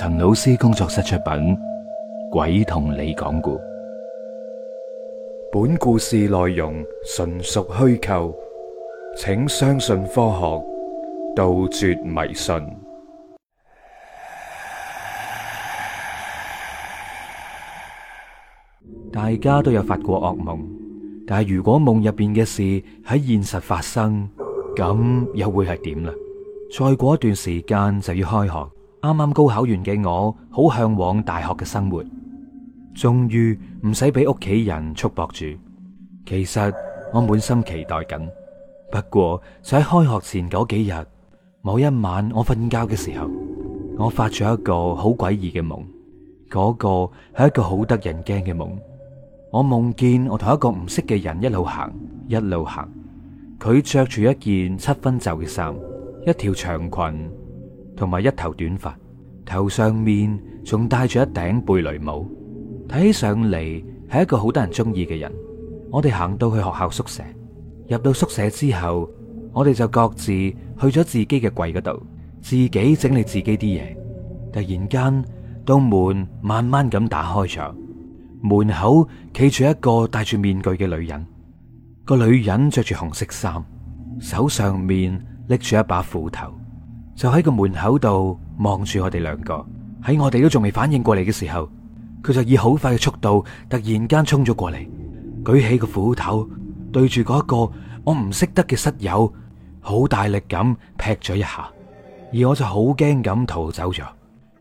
陳老師工作室出品《鬼同你講故》，本故事內容純屬虛構，請相信科學，杜絕迷信。大家都有發過惡夢，但係如果夢入邊嘅事喺現實發生，咁又會係點呢？再過一段時間就要開學。啱啱高考完嘅我，好嚮往大學嘅生活，終於唔使俾屋企人束縛住。其實我滿心期待緊，不過就喺開學前嗰幾日，某一晚我瞓覺嘅時候，我發咗一個好詭異嘅夢。嗰個係一個好得人驚嘅夢。我夢見我同一個唔識嘅人一路行一路行，佢着住一件七分袖嘅衫，一條長裙。同埋一頭短髮，頭上面仲戴住一頂貝雷帽，睇起上嚟，係一個好多人中意嘅人。我哋行到去學校宿舍，入到宿舍之後，我哋就各自去咗自己嘅櫃嗰度，自己整理自己啲嘢。突然間，道門慢慢咁打開咗，門口企住一個戴住面具嘅女人。個女人着住紅色衫，手上面拎住一把斧頭。就喺個門口度望住我哋兩個，喺我哋都仲未反應過嚟嘅時候，佢就以好快嘅速度突然間衝咗過嚟，舉起個斧頭對住嗰個我唔識得嘅室友，好大力咁劈咗一下，而我就好驚咁逃走咗。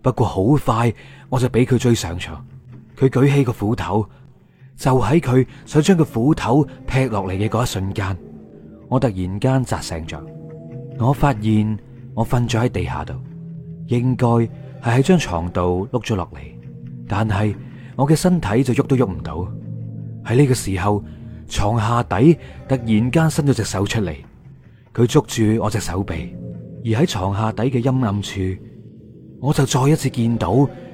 不過好快我就俾佢追上咗，佢舉起個斧頭，就喺佢想將個斧頭劈落嚟嘅嗰一瞬間，我突然間扎醒咗，我發現。我瞓咗喺地下度，應該係喺張床度碌咗落嚟，但係我嘅身體就喐都喐唔到。喺呢個時候，床下底突然間伸咗隻手出嚟，佢捉住我隻手臂，而喺床下底嘅陰暗處，我就再一次見到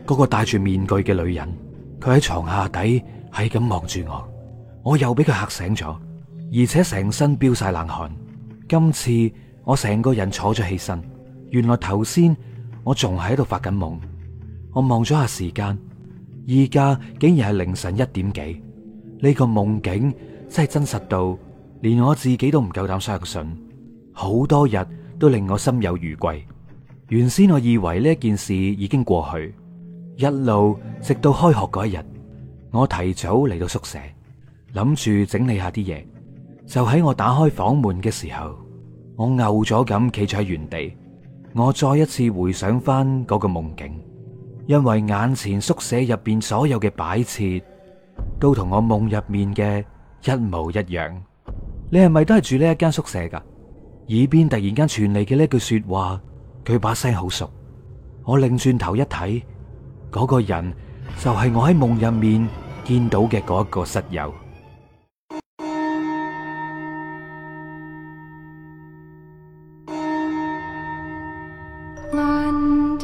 嗰個戴住面具嘅女人，佢喺床下底係咁望住我，我又俾佢嚇醒咗，而且成身飆晒冷汗。今次我成個人坐咗起身。原來頭先我仲喺度發緊夢，我望咗下時間，而家竟然係凌晨一點幾。呢個夢境真係真實到連我自己都唔夠膽相信。好多日都令我心有餘悸。原先我以為呢件事已經過去，一路直到開學嗰一日，我提早嚟到宿舍，諗住整理下啲嘢。就喺我打開房門嘅時候，我吽咗咁企咗喺原地。我再一次回想翻嗰個夢境，因為眼前宿舍入邊所有嘅擺設都同我夢入面嘅一模一樣。你係咪都係住呢一間宿舍噶？耳邊突然間傳嚟嘅呢句說話，佢把聲好熟。我擰轉頭一睇，嗰個人就係我喺夢入面見到嘅嗰個室友。